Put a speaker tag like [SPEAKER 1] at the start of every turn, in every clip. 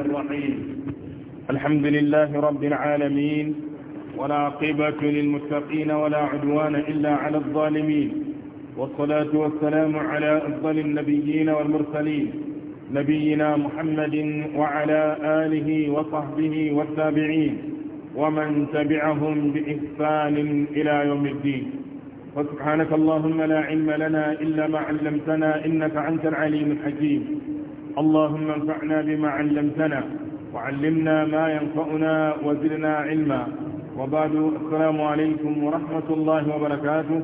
[SPEAKER 1] الرحيم الحمد لله رب العالمين ولا عقبة للمتقين ولا عدوان إلا على الظالمين والصلاة والسلام على أفضل النبيين والمرسلين نبينا محمد وعلى آله وصحبه والتابعين ومن تبعهم بإحسان إلى يوم الدين فسبحانك اللهم لا علم لنا إلا ما علمتنا إنك أنت العليم الحكيم اللهم انفعنا بما علمتنا وعلمنا ما ينفعنا وزدنا علما وبعد السلام عليكم ورحمة الله وبركاته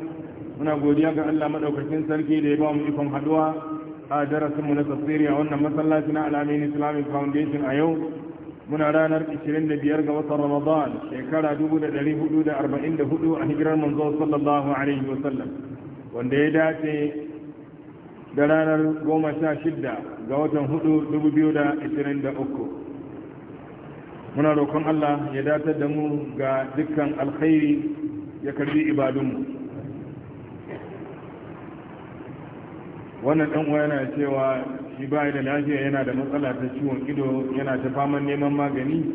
[SPEAKER 1] muna godiya ga Allah madaukakin sarki da ya ba mu ikon haduwa a darasin na tafsiri a wannan masallaci na al Islamic Foundation a yau muna ranar 25 ga watan Ramadan shekara 1444 a hijirar manzo sallallahu alaihi wanda ya dace da ranar goma sha shidda ga watan hudu dubu biyu da da uku muna roƙon allah ya datar da mu ga dukkan alkhairi ya karbi ibadunmu wannan ɗan uwa yana cewa shi ba da lafiya yana da matsala ta ciwon ido yana ta faman neman magani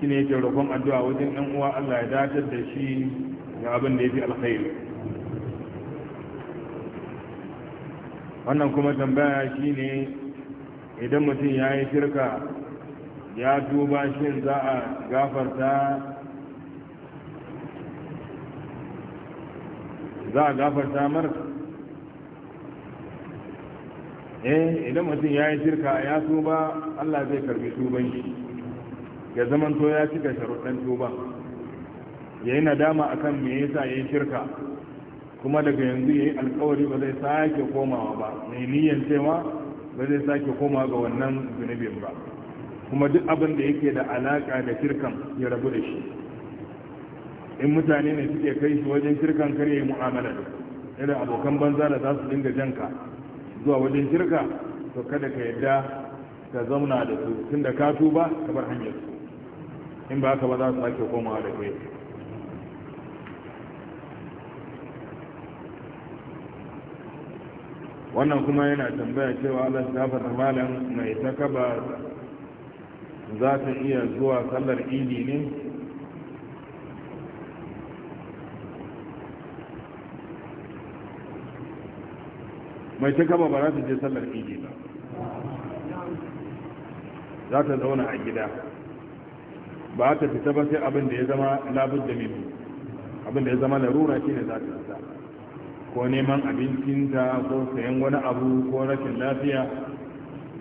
[SPEAKER 1] shine yake roƙon addu'a wajen ɗan'uwa uwa allah ya datar da shi ga abin da ya fi alkhairi wannan kuma tambaya shi ne idan mutum ya yi shirka ya tuba shin za a gafarta za a gafarta mar eh idan mutum ya yi shirka ya tuba allah zai karbi tuban shi ya zamanto ya cika sharuɗan tuba ya yi nadama akan me yasa ya yi shirka kuma daga yanzu ya yi alkawari ba zai sake komawa ba mai niyan cewa ba zai sake komawa ga wannan zunubin ba kuma duk abin da yake da alaka da shirkan ya rabu da shi in mutane ne suke kai shi wajen shirkan kar ya yi mu'amala da irin abokan banza da za su dinga janka zuwa wajen shirka to kada ka yadda ka zauna da su tunda ka tuba ka bar hanyar su in ba haka ba za su sake komawa da kai wannan kuma yana tambaya cewa allah da malam mai takaba za ta iya zuwa sallar idi ne mai takaba ba za ta je sallar idi ba za ta zauna a gida ba ta fita ba sai abin da ya zama labar da mini abin da ya zama larura shi ne za ta fita ko neman abincinta ko sayan wani abu ko rashin lafiya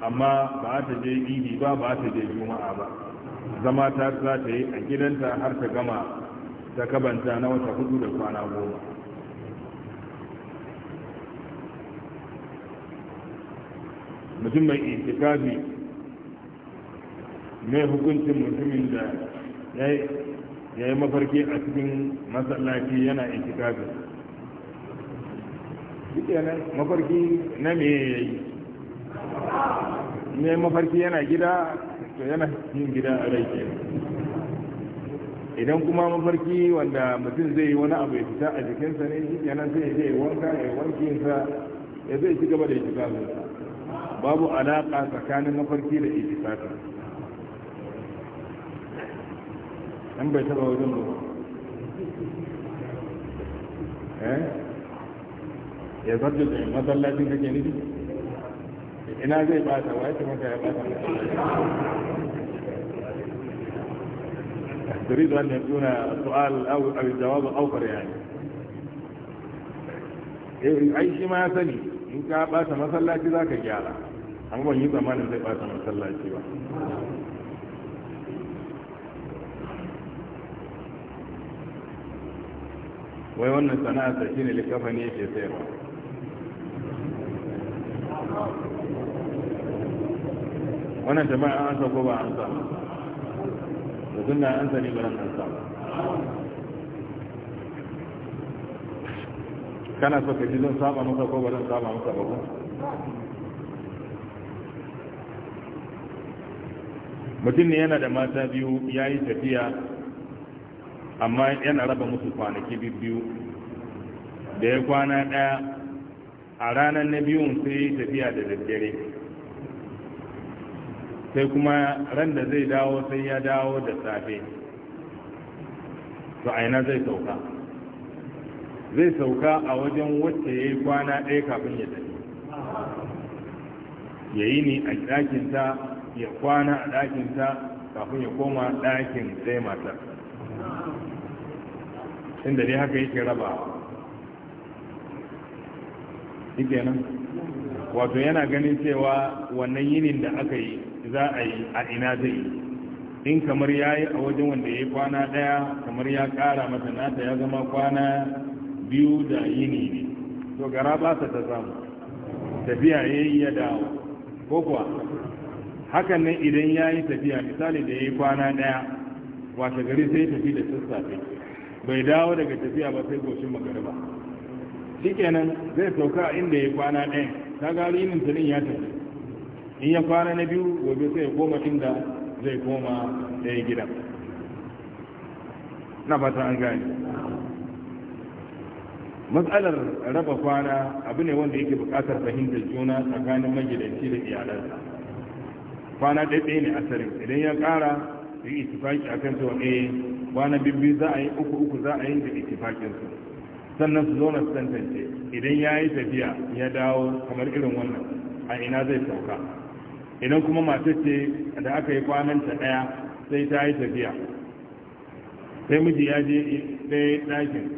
[SPEAKER 1] amma ba ta je gidi ba ba ta je juma'a ba zama ta za ta yi a gidanta har ta gama ta kabanta na wata hudu da kwana goma mutum mai itikafi mai hukuncin mutumin da ya yi mafarki a cikin masallaci yana itikafi duk yanar mafarki na me ya yi ne mafarki yana gida to yana yin gida a rai idan kuma mafarki wanda mutum zai yi wani abu ya fita a jikinsa ne shi kenan sai je wanka ya wanki sa ya zai ci gaba da shiga babu alaƙa tsakanin mafarki da itifaka an bai taba wajen ba eh ya zarge da masallacin kake nufi ina zai ba ta wa ya maka ya ba ta masallacin turi zuwan ya tuna su'al abu jawabu aukar ya ne eh, ai shi ma ya sani in ka ba ta masallaci za ka gyara an ban yi zamanin zai ba ta masallaci ba wai wannan sana'a ta shi ne likafa ne yake sayarwa wannan jama'a an sa ko ba an sa da sunna an sa ne ba an sa kana so ka ji zan saba masa ko ba zan saba masa ba ko mutum ne yana da mata biyu ya yi tafiya amma yana raba musu kwanaki biyu da ya kwana ɗaya a ranar na biyun sai tafiya da daddare sai kuma ran da zai dawo sai ya dawo da safe to aina zai sauka zai sauka a wajen wacce ya yi kwana ɗaya kafin ya tafi ya yi ni a ɗakinta ya kwana a ɗakinta kafin ya koma ɗakin zai matar inda dai haka yake rabawa nan wato yana ganin cewa wannan yinin da aka yi za a yi a ina zai yi in kamar ya yi a wajen wanda ya yi kwana ɗaya kamar ya ƙara masa nata ya zama kwana biyu da yini ne to gara ba ta ta samu tafiya ya yi ya dawo ko kuwa hakan nan idan ya yi tafiya misali da ya yi kwana ɗaya washe gari sai tafi da sassafe bai dawo daga tafiya ba sai goshin magariba shikenan zai sauka inda ya kwana ɗaya ta gari inin tunin ya tafi in ya kwana na biyu gobe sai ya koma inda zai koma ɗaya gida na fata an gani matsalar raba kwana abu ne wanda yake buƙatar fahimtar juna tsakanin magidanci da iyalarsa kwana ɗaya ne asarin idan ya ƙara yi itifaki a kan cewa ɗaya eh, kwana bibbi za a yi uku uku za a yi da itifakinsu sannan su zauna su tantance idan ya yi tafiya ya dawo kamar irin wannan a ina zai sauka idan kuma matar ce da aka yi kwananta ɗaya sai ta yi tafiya sai miji ya je ɗaya ɗakin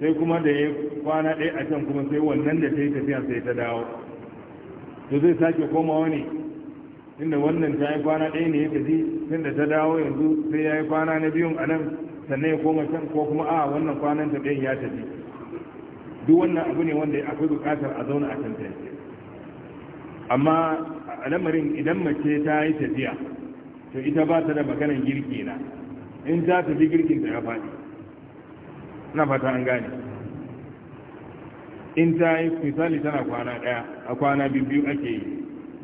[SPEAKER 1] sai kuma da ya kwana ɗaya a can kuma sai wannan da ta yi tafiya sai ta dawo to zai sake komawa ne inda wannan ta yi kwana ɗaya ne ya gaji, tun da ta dawo yanzu sai ya yi kwana na biyun a nan sannan ya koma can ko kuma a wannan kwanan ta ɗayan ya tafi duk wannan abu ne wanda akwai bukatar a zauna a tantance amma a lamarin idan mace ta yi tafiya to ita ba ta da maganan girki na in ta tafi girkin ta ya faɗi na fata an gane in ta yi misali tana kwana ɗaya a kwana biyu ake yi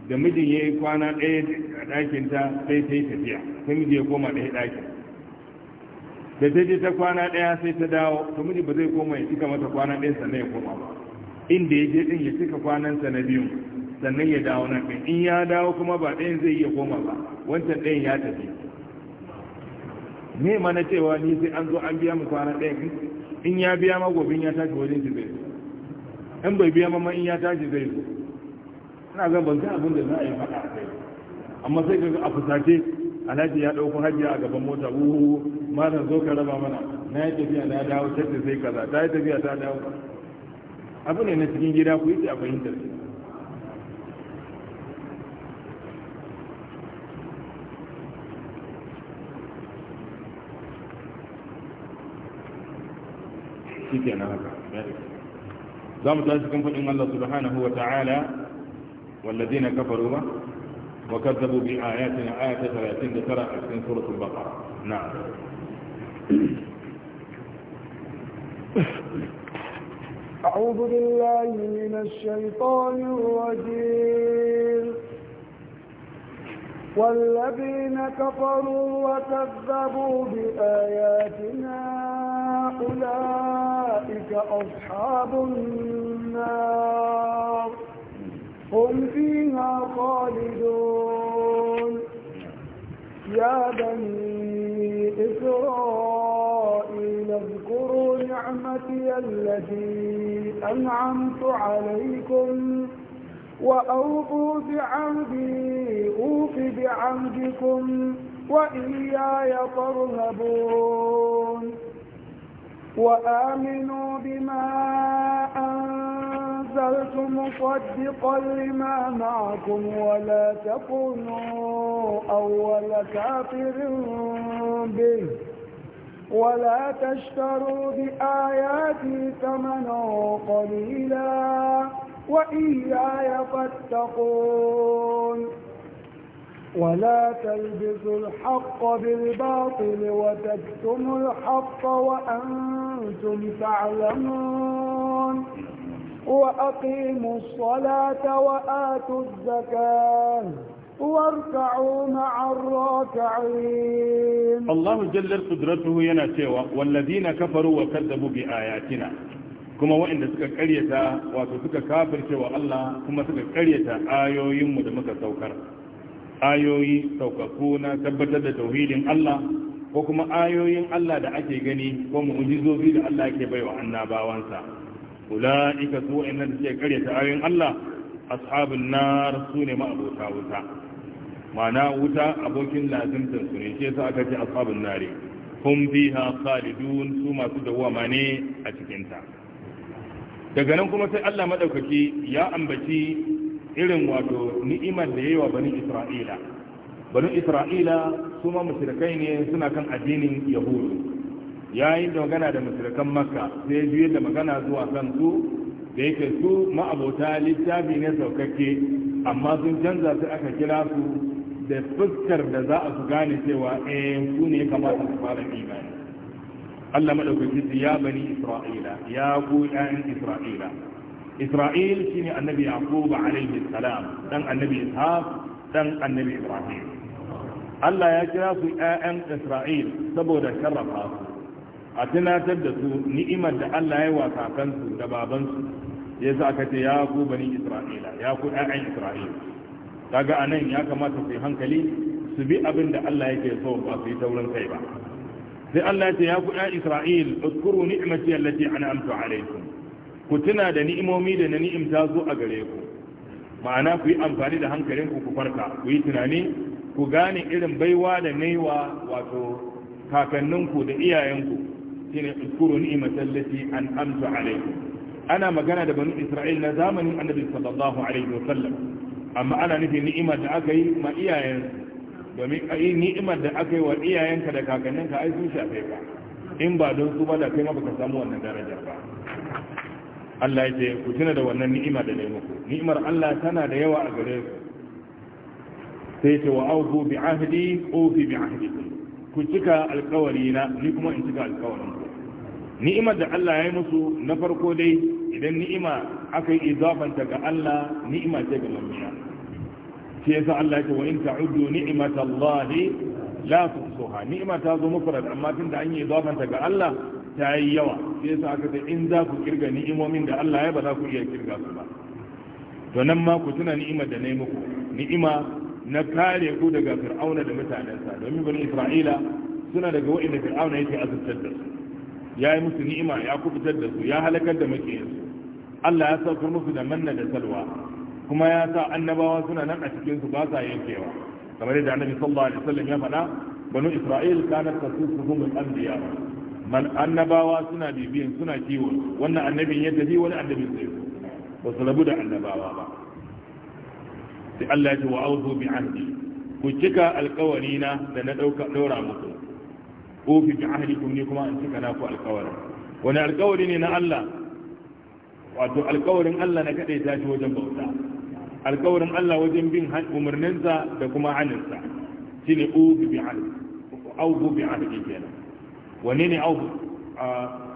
[SPEAKER 1] da mijin ya yi kwana ɗaya a ɗakinta sai ta yi tafiya sai miji ya koma ɗaya ɗakin da ta je ta kwana ɗaya sai ta dawo to miji ba zai koma ya cika mata kwana ɗaya sannan ya koma ba inda ya je ɗin ya cika sa na biyu sannan ya dawo nan ɗin in ya dawo kuma ba ɗayan zai iya koma ba wancan ɗayan ya tafi me mana cewa ni sai an zo an biya mu kwana ɗaya in ya biya ma gobe ya tashi wajen shi zai zo in bai biya ma in ya tashi zai zo ina ga ban ga abin da za a yi faɗa a kai amma sai ka ga a fusace alhaji ya dauko hajiya a gaban mota wuhu malam zo ka raba mana na yi tafiya na dawo tattu sai kaza ta yi tafiya ta dawo abu ne na cikin gida ku yi a fahimtar shi ke na haka za mu tashi cikin faɗin Allah subhanahu wa ta'ala والذين ba. وكذبوا بآياتنا آية 30 لترى أكثر سورة البقرة نعم
[SPEAKER 2] أعوذ بالله من الشيطان الرجيم والذين كفروا وكذبوا بآياتنا أولئك أصحاب النار هم فيها خالدون يا بني إسرائيل اذكروا نعمتي التي أنعمت عليكم وأوفوا بعهدي أوف بعهدكم وإياي فارهبون وآمنوا بما أنزلت أرسلت مصدقا لما معكم ولا تكونوا أول كافر به ولا تشتروا بآياتي ثمنا قليلا وإياي فاتقون ولا تلبسوا الحق بالباطل وتكتموا الحق وأنتم تعلمون وأقيموا الصلاة وآتوا الزكاة واركعوا مع الراكعين
[SPEAKER 1] الله جل قدرته يناتيوا والذين كفروا وكذبوا بآياتنا kuma waɗanda suka karyata wato suka kafirce wa Allah kuma suka karyata ayoyinmu da muka saukar ayoyi saukakku na tabbatar da tauhidin Allah ko kuma ayoyin Allah da ake gani ko mu'jizozi da Allah yake baiwa annabawansa ula'ika su wa'annan da suke kare ta ayoyin Allah ashabun nar su ne ma'abota wuta Mana wuta abokin lazimtar su ne shi yasa aka ce ashabun nare hum fiha khalidun su masu dawama ne a cikin ta daga nan kuma sai Allah madaukaki ya ambaci irin wato ni'imar da yayi wa bani Isra'ila bani Isra'ila su ma mushrikai ne suna kan addinin Yahudu yayin da magana da musulkan makka sai juye da magana zuwa kan su da yake su ma'abota littafi ne saukakke amma sun canza su aka kira su da fuskar da za a su gane cewa eh ku ne kamata su fara imani Allah madaukaki ya bani Isra'ila ya ku ɗan Isra'ila Isra'il shine annabi Yaqub alaihi salam dan annabi Ishaq dan annabi Ibrahim Allah ya kira su ƴaƴan Isra'il saboda sharrafa su a tunatar da su ni'imar da Allah ya wa kakansu da babansu ya sa aka ce ya ku bani Isra'ila ya ku ɗan'an Isra'ila kaga anan ya kamata su yi hankali su bi abin da Allah yake so ba su yi taurin kai ba sai Allah ya ce ya ku ɗan'an Isra'il uzkuru ni'mati allati an'amtu alaykum ku tuna da ni'imomi da na ni'imta zo a gare ku ma'ana ku yi amfani da ku ku farka ku yi tunani ku gane irin baiwa da naiwa wato kakanninku da iyayenku shine uzkuru ni'matan lati an'amtu alaykum ana magana da banu isra'il na zamanin annabi sallallahu alaihi wa sallam amma ana nufi ni'imar da aka yi ma iyayen domin ni'imar da aka yi wa iyayenka da kakanninka ai sun shafe ka in ba don su ba da kai ma baka samu wannan darajar ba Allah ya ce ku tuna da wannan ni'ima da nemi ku ni'imar Allah tana da yawa a gare ku sai ce wa auzu bi ahdi ufi bi ahdikum ku cika alƙawari na ni kuma in cika alƙawarin ni'imar da Allah ya yi musu na farko dai idan ni'ima aka yi izafanta ga Allah ni'ima ce ga mamiya shi yasa Allah ya ce wa in ta'uddu ni'matallahi la tuhsuha ni'ima ta zo mufrad amma tunda an yi izafanta ga Allah ta yi yawa shi yasa aka ce in za ku kirga ni'imomin da Allah ya ba za ku iya kirga su ba to nan ma ku tuna ni'imar da na yi muku ni'ima na kare ku daga fir'auna da mutanensa domin bani isra'ila suna daga wa'inda fir'auna yake azabtar da su ya yi musu ni'ima ya kubutar da su ya halakar da makiyarsu Allah ya saukar musu da manna da salwa kuma ya sa annabawa suna nan a cikin su ba sa yankewa kamar yadda annabi sallallahu alaihi wasallam ya faɗa banu isra'il kanat tasusuhum al-anbiya man annabawa suna bibiyan suna kiwon wannan annabin ya tafi wani annabin sai ba su rabu da annabawa ba sai Allah ya ce wa auzu bi ahdi ku cika alƙawari na da na dauka daura muku ofi bi ahlikum ni kuma an cika na ku alƙawarin wani alƙawari ne na Allah wato alƙawarin Allah na kadai ta shi wajen bauta alƙawarin Allah wajen bin umarninsa da kuma haninsa shine ofi bi ahli aufu bi ahli kenan wani ne aufu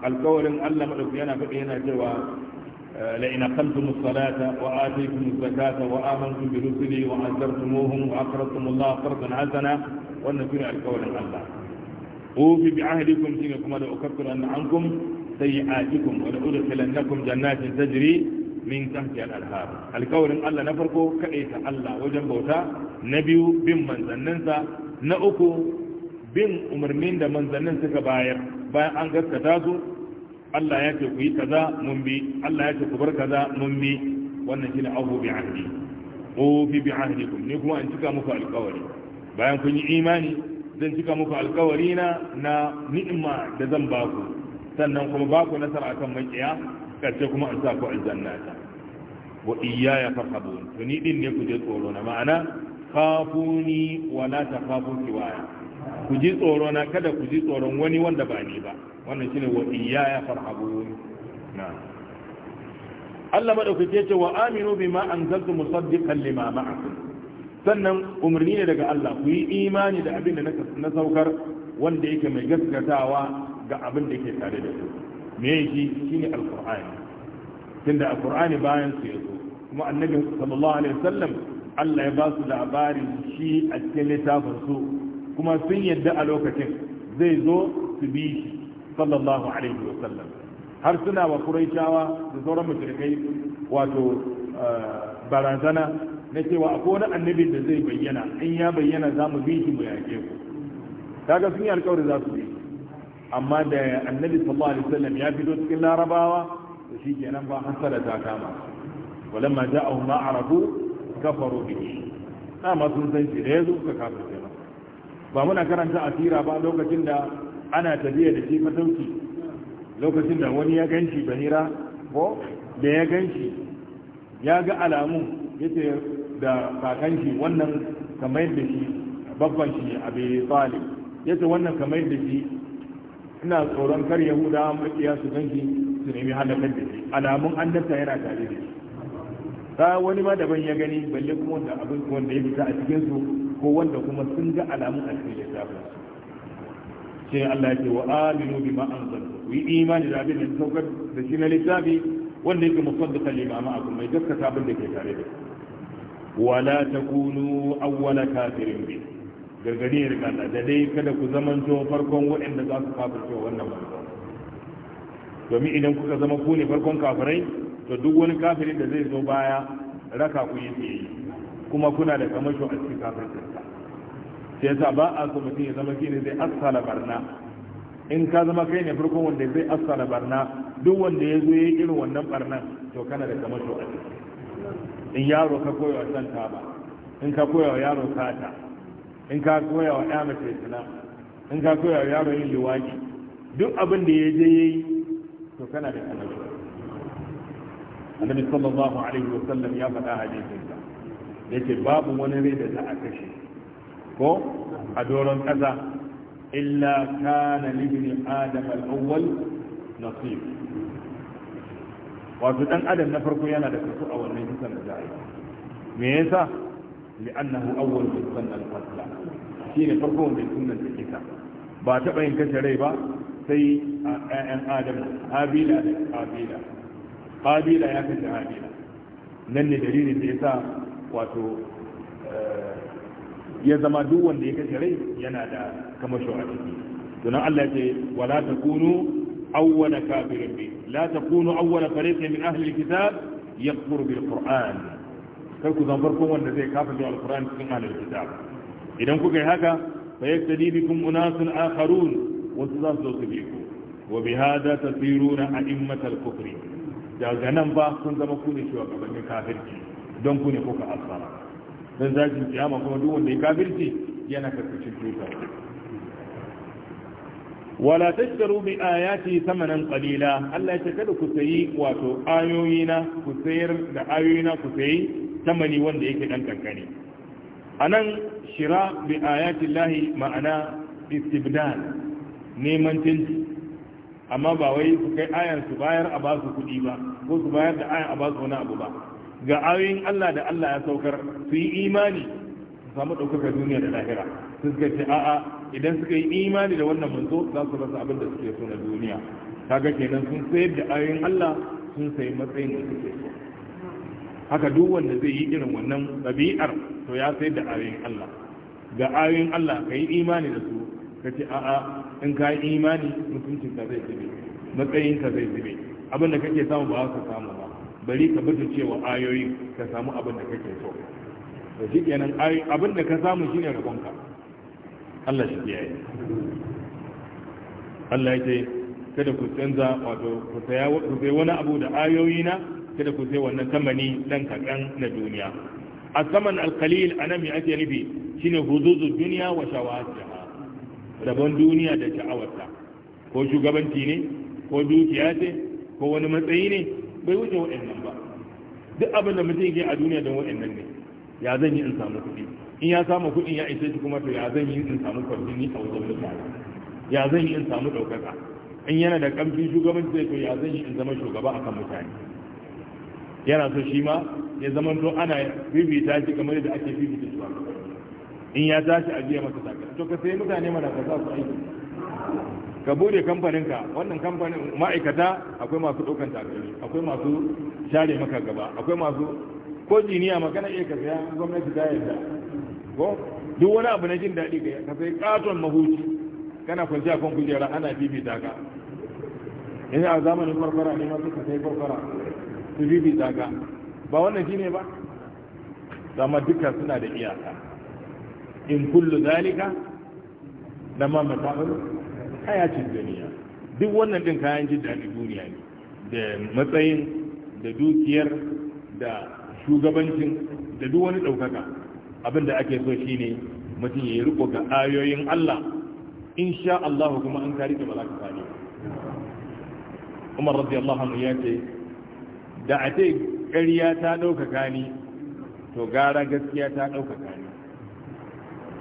[SPEAKER 1] alƙawarin Allah madauki yana faɗi yana cewa لئن أقمتم الصلاة وآتيتم الزكاة وآمنتم برسلي وعزرتموهم وأقرضتم الله قرضا حسنا والنبي على القول الله اوفي بعهدكم شينكم لأكفر أن عنكم سيئاتكم ولأدخلنكم جنات تجري من تحتها الأنهار القول إن الله نفرقه كأيس الله وجنبوتا نبي بن من ظننسا نأكو بن أمرمين ده من ظننسا كباير باير أن قد كتازو الله يتكوي كذا منبي الله يتكبر كذا منبي وأن شين أوفوا بعهدي أوفي بعهدكم نكما أن تكاموا فالقول باير كن إيماني zan cika muku alkawari na na ni'ima da zan baku sannan kuma baku nasara akan makiya karshe kuma an sa ku aljanna ta wa iyaya farhabun to ni din ne ku je tsoro na ma'ana khafuni wa la takhafu siwaya ku ji tsoro na kada ku ji tsoron wani wanda ba ni ba wannan shine wa iyaya farhabun na. Allah madaukake ce wa aminu bima anzaltu musaddiqan lima ma'akum sannan umarni ne daga Allah ku yi imani da abin da na saukar wanda yake mai gaskatawa ga abin da yake tare da su me yake shine alqur'ani tunda alqur'ani bayan su yazo kuma annabi sallallahu alaihi wasallam Allah ya ba su labarin shi a cikin littafin su kuma sun yadda a lokacin zai zo su bi shi sallallahu alaihi wasallam har suna wa quraishawa da sauran mushrikai wato eh, barazana na cewa akwai wani annabi da zai bayyana in ya bayyana za mu bi mu yake ku kaga sun yi alkawari za su bi amma da annabi sallallahu alaihi wasallam ya fito cikin larabawa to shi kenan ba hasara ta kama walamma ja'ahum ma arabu kafaru bihi ma sun san shi da yazo suka shi ba muna karanta asira ba lokacin da ana tafiya da shi matauki lokacin da wani ya ganshi bahira ko da ya ganshi ya ga alamun yace da kakan shi wannan kamar da shi babban shi a bai tsali ya ce wannan kamar da shi ina tsoron kar yahuda makiya su ganki su nemi halakar da shi alamun annabta yana tare da shi ta wani ma daban ya gani balle kuma wanda abin wanda ya fita a cikin su ko wanda kuma sun ga alamun a cikin tafi sai Allah ya ce wa aminu bima anzalna ku yi imani da abin da saukar da shi na littafi wanda yake kalima lima ma'akum mai gaskata abin da ke tare da shi wala takunu awwala kafirin bi gargadi ya rika da dai kada ku to farkon waɗanda za su cewa wannan manzo domin idan kuka zama ku ne farkon kafirai to duk wani kafiri da zai zo baya raka ku yi sai kuma kuna da kamasho a cikin kafircinsa sai yasa ba a so mutum ya zama shi ne zai asala barna in ka zama kai ne farkon wanda zai asala barna duk wanda ya zo ya yi irin wannan barnan to kana da kamasho a ciki in yaro ka koya wa santa ba, in ka koya wa yaro kata in ka koya wa ya mace suna in ka koya wa yaro yin liwaki duk abin da ya je yayi to kana da kanabi annabi sallallahu alaihi wa sallam ya faɗa hadisin sa yace babu wani rai da za a kashe ko a doron ƙasa illa kana libni adam al-awwal nasib wato dan adam na farko yana da kaso a wannan kisan da za'a yi me yasa li'annahu awwal man sanna al-qatla shine farko wanda sunnan ta kisa ba taɓa yin kashe rai ba sai a ƴaƴan adam habila da habila habila ya kashe habila nan ne dalilin da yasa wato eh, ya zama duk wanda ya kashe rai yana da kamasho a ciki to Allah ya ce wala takunu أول كافر به لا تكونوا أول فريق من أهل الكتاب يكفر بالقرآن كيف تنظركم أن زي كافر بالقرآن في أهل الكتاب إذا كنت هكا فيقتدي بكم أناس آخرون وتزاز بكم وبهذا تثيرون أئمة الكفر daga nan ba kun zama ku ne shugabannin kafirci don ku ne kuka asara don zajin kiyama kuma duk wanda ya kafirci yana karkashin tutar wala tashtaru bi ayati thamanan qalila Allah ya kada ku sayi wato ayoyina ku sayar da ayoyina ku sayi tamani wanda yake dan kankani anan shira bi ayati llahi ma'ana istibdal neman tinci amma ba wai su kai ayan su bayar a basu kuɗi ba ko su bayar da ayan a basu wani abu ba ga ayoyin Allah da Allah ya saukar su yi imani su samu ɗaukaka duniya da lahira su suka ce a'a idan suka yi imani da wannan manzo za su rasa abin da suke so na duniya kaga kenan sun sayar da ayoyin Allah sun sayi matsayin da suke so haka duk wanda zai yi irin wannan ɗabi'ar to ya sayar da ayoyin Allah ga ayoyin Allah ka yi imani da su ka ce a'a in ka yi imani mutuncin ka zai zube matsayin ka zai zube abin da kake samu ba ka samu ba bari ka bata cewa ayoyi ka samu abin da kake so to shi kenan abin da ka samu shine rabonka Allah shi yi. Allah ya ce kada ku canza wato ku sai wani abu da ayoyi na kada ku sai wannan tamani dan kaɗan na duniya A saman alkalil anan me ake nufi shine huzuzu duniya wa shawatiha rabon duniya da sha'awarta ko shugabanci ne ko dukiya ce ko wani matsayi ne bai wuce wa'annan ba duk abin da mutum ke a duniya don wa'annan ne ya zan yi in samu kuɗi in ya samu kuɗin ya ishe shi kuma to ya zan yi in samu ni a wajen mutane ya zan yi in samu ɗaukaka in yana da ƙamfin shugabanci zai to ya zan yi in zama shugaba a kan mutane yana so shi ma ya zama to ana bibita shi kamar da ake bibita shi in ya tashi a biya masa sakar to ka sai mutane mana ka sa su aiki ka bude kamfaninka wannan kamfanin ma'aikata akwai masu ɗaukan takalmi akwai masu share maka gaba akwai masu ko jiniya magana iya ka saya gwamnati ta yarda ko duk wani abu na jin daɗi ka sai katon mahuci kana kwanci a kan kujera ana bibita ka ina a zamanin farfara ne ma suka sai farfara su bibita ka ba wannan shi ne ba zama duka suna da iyaka in kullu zalika da ma mata'ul hayatin duniya duk wannan din kayan jin daɗi duniya ne da matsayin da dukiyar da shugabancin da duk wani ɗaukaka Abin da ake so shi ne mutum ya yi riko ga ayoyin Allah sha Allah kuma an kari da malaka fadi Umar radiyallahu anhu ya ce da a ce ƙarya ta ɗaukaka ni to gara gaskiya ta ɗaukaka ni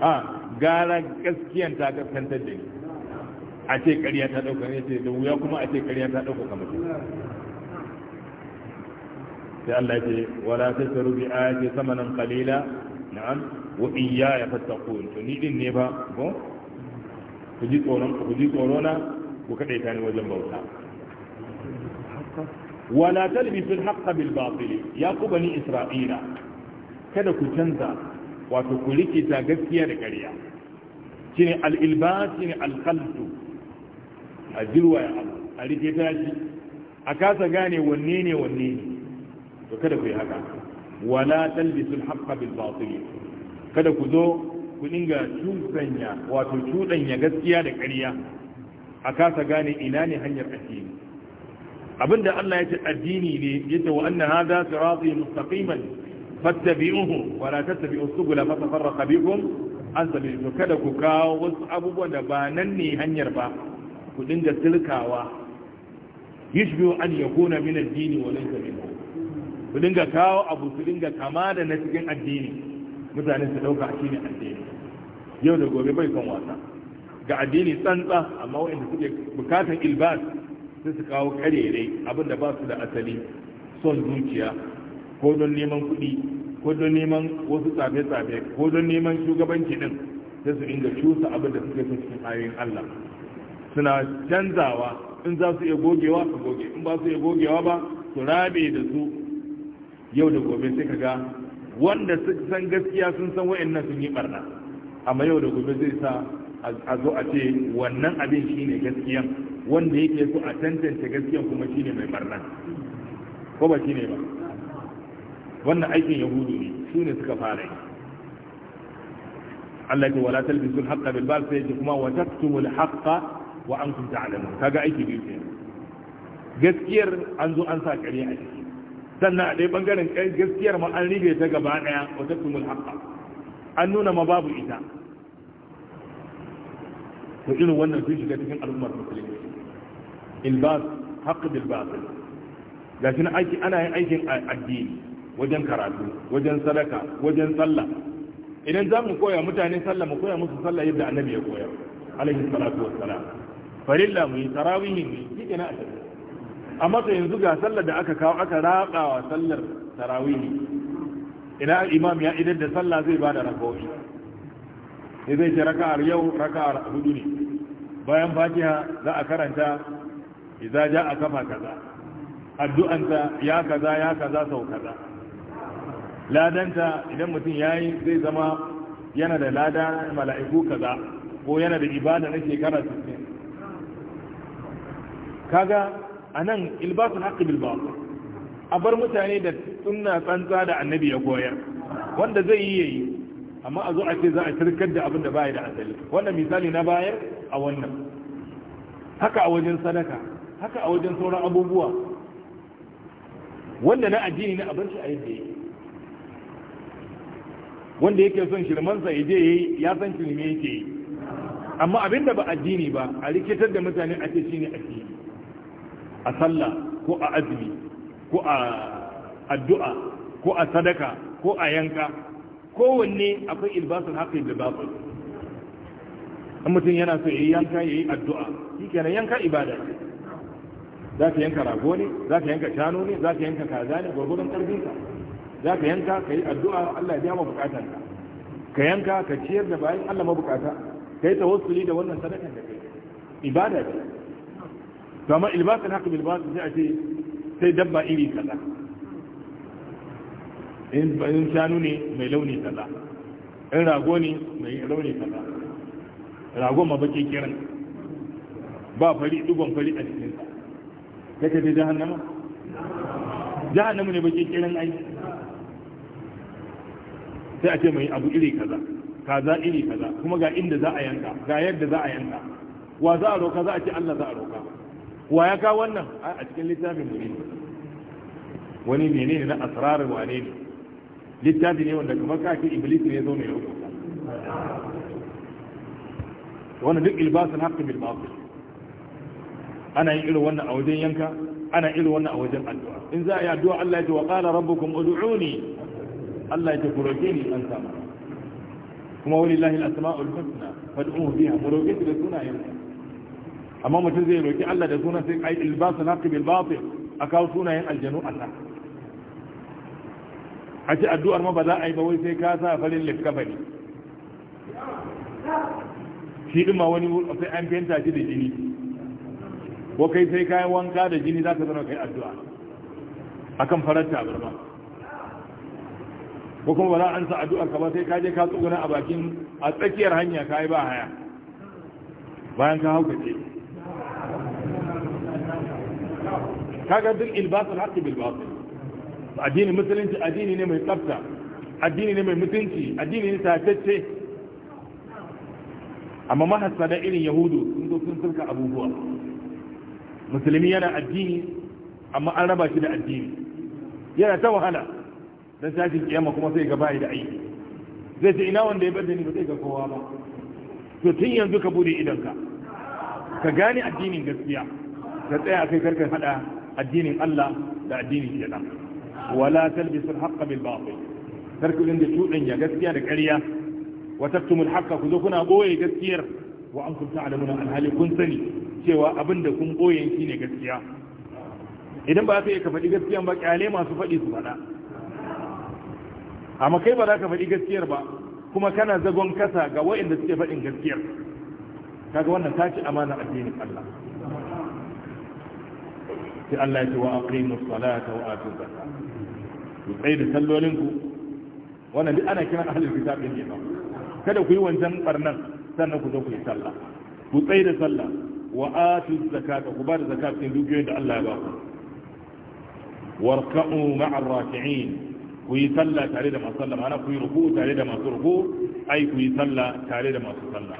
[SPEAKER 1] a gara gaskiyan ta gaskantar da ni a ce ƙarya ta ɗaukaka ni ce da wuya kuma a ce ƙarya ta ɗaukaka mutum sai Allah ce wala tasaru bi ayati samanan qalila na'am wa iyaya fattaqun to ni din ne ba ko ku ji tsoron ku ji tsoro na ku kada ta ni wajen bauta wala talbisul haqqa bil batil ya ku bani isra'ila kada ku canza wato ku rikita gaskiya da ƙarya shine al-ilbas shine al-khaltu a jirwa ya abu a rikita shi a kasa gane wanne ne wanne ne to kada ku yi haka wala talbisul haqqa bil batil kada ku zo ku dinga cuɗanya wato cuɗanya gaskiya da ƙarya a kasa gane ina ne hanyar addini abinda Allah ya ce addini ne yadda wa anna hadha sirati mustaqiman fattabi'uhu wa la tattabi'us subula fatafarraqa bikum an sabili to kada ku kawo wasu abubuwan da ba nan ne hanyar ba ku dinga tilkawa yushbihu an yakuna min ad-din wa laysa minhu ku dinga kawo abu ku dinga kama da na cikin addini mutane su dauka shi ne addini yau da gobe bai son wasa ga addini tsantsa amma wanda suke bukatan ilbas sai su kawo karere abinda ba su da asali son zuciya ko don neman kuɗi ko don neman wasu tsafe-tsafe ko don neman shugabanci din sai su dinga cusa abinda suke son cikin ayoyin Allah suna canzawa in za su iya gogewa su goge in ba su iya gogewa ba su rabe da su yau da gobe sai ka ga wanda san gaskiya sun san wa'annan sun yi barna amma yau da gobe zai sa a zo a ce wannan abin shine gaskiya wanda yake so a tantance gaskiya kuma shine mai barna ko ba shine ba wannan aikin yahudu ne su ne suka fara yi Allah ke wala talbisu al-haqqa bil sai kuma wa taktumu al-haqqa wa antum ta'lamun kaga aiki biyu kenan gaskiyar an zo an sa ƙarya a ciki sannan a ɗaya ɓangaren gaskiyar ma an ribe ta gaba ɗaya wata tumul haƙa an nuna ma babu ita to irin wannan sun shiga cikin al'ummar musulmi ilbas haƙa bilbas ga shi aiki ana yin aikin addini wajen karatu wajen sadaka wajen sallah idan za mu koya mutane sallah mu koya musu sallah yadda annabi ya koyar alaihi salatu wassalam farilla mu yi tarawihi mu yi kike na a tafiya. A masa yanzu ga sallar da aka kawo aka wa sallar tarawih ina imam ya idan da sallah zai bada rakawi ne zai ce raka'ar yau raka'ar hudu ne bayan fatiha za a karanta idza a kafa kaza addu'anta ya kaza ya kaza sau kaza ladanta idan mutum ya yi zai zama yana da lada mala'iku kaza ko yana da ibada na shekara 60 kaga a nan ilbasun haƙi bilba a bar mutane da suna tsantsa da annabi ya koyar wanda zai yi yayi amma a zo a ce za a shirkar da abin da baya da asali wannan misali na bayar a wannan haka a wajen sadaka haka a wajen sauran abubuwa wanda na addini na abinci a yadda yake wanda yake son shirmansa ya je yayi ya san shirme yake yi amma abin da ba addini ba a rikitar da mutane a ce shine addini a sallah ko a azumi ko a addu'a ko a sadaka ko a yanka kowanne akwai ilbasul haka da babu an mutum yana so yayi yanka yayi addu'a shi kenan yanka ibada za ka yanka rago ne za ka yanka shanu ne za ka yanka kaza ne gwargwadon ƙarfinka za ka yanka ka yi addu'a Allah ya biya ma bukatanka ka yanka ka ciyar da bayan Allah mabukata ka yi tawassuli da wannan sadakan da kai ibada ce to amma ilbasin haka bilbasin sai a ce sai dabba iri kaza in bayan shanu ne mai launi kaza in rago ne mai launi kaza rago ma baki kiran ba fari dugon fari a cikin sa kake da jahannama jahannama ne baki kiran ai sai a ce mai abu iri kaza kaza iri kaza kuma ga inda za a yanka ga yadda za a yanka wa za a roka za a ce Allah za a roka wa ya kawo wannan a cikin littafin mu ne wani menene na asrarin wane ne littafi ne wanda kamar ka ce iblis ne zo mai rubuta wannan duk ilbasul haqqi bil batil ana yin irin wannan a wajen yanka ana irin wannan a wajen addu'a in za a yi addu'a Allah ya ce wa qala rabbukum ud'uni Allah ya ce ku roke ni an samu kuma walillahi al-asma'ul husna fad'uhu biha mu roke da sunayen amma mutum zai roki Allah da sunan sai ai ilbasu naqi bil batil a kawo sunayen aljanu Allah a ce addu'ar ma ba za a yi ba wai sai ka sa farin lifkafani shi din ma wani sai an fenta shi da jini ko kai sai kayan wanka da jini za ka zama kai addu'a akan farar barba ko kuma ba za an sa addu'ar ka ba sai ka je ka tsuguna a bakin a tsakiyar hanya ka yi ba haya bayan ka haukace kaga duk ilbasul haqqi bil batil addini musulunci addini ne mai tsafta addini ne mai mutunci addini ne tatacce amma da irin yahudu sun zo sun sulka abubuwa musulmi yana addini amma an raba shi da addini yana ta wahala dan sashin kiyama kuma sai ga bai da aiki zai ce ina wanda ya bar ni ba zai ga kowa ba to tun yanzu ka bude idanka ka gane addinin gaskiya ka tsaya kai karkar hada addinin Allah da addinin shedan wala talbisu al-haqqa bil batil tarkulin da ya gaskiya da ƙarya wa taktumul haqqa ku zo kuna boye gaskiyar wa antum ta'lamuna alhali kun sani cewa abinda kun boye ne gaskiya idan ba sai ka faɗi gaskiya ba kyale masu faɗi su faɗa amma kai ba za ka faɗi gaskiyar ba kuma kana zagon kasa ga wa'inda suke faɗin gaskiyar kaga wannan ta ci amana addinin Allah sai Allah ya ce wa aqimus salata wa atu zakat ku tsaye da sallolin ku wannan duk ana kiran ahlul kitab din ne ba kada ku yi wancan barnan sannan ku zo ku yi sallah ku tsaye da sallah wa atu zakata ku ba da zakat din dukiyoyin da Allah ya ba ku warka'u ma'a raki'in ku yi sallah tare da masu sallah ma'ana ku yi ruku tare da masu ruku ai ku yi sallah tare da masu sallah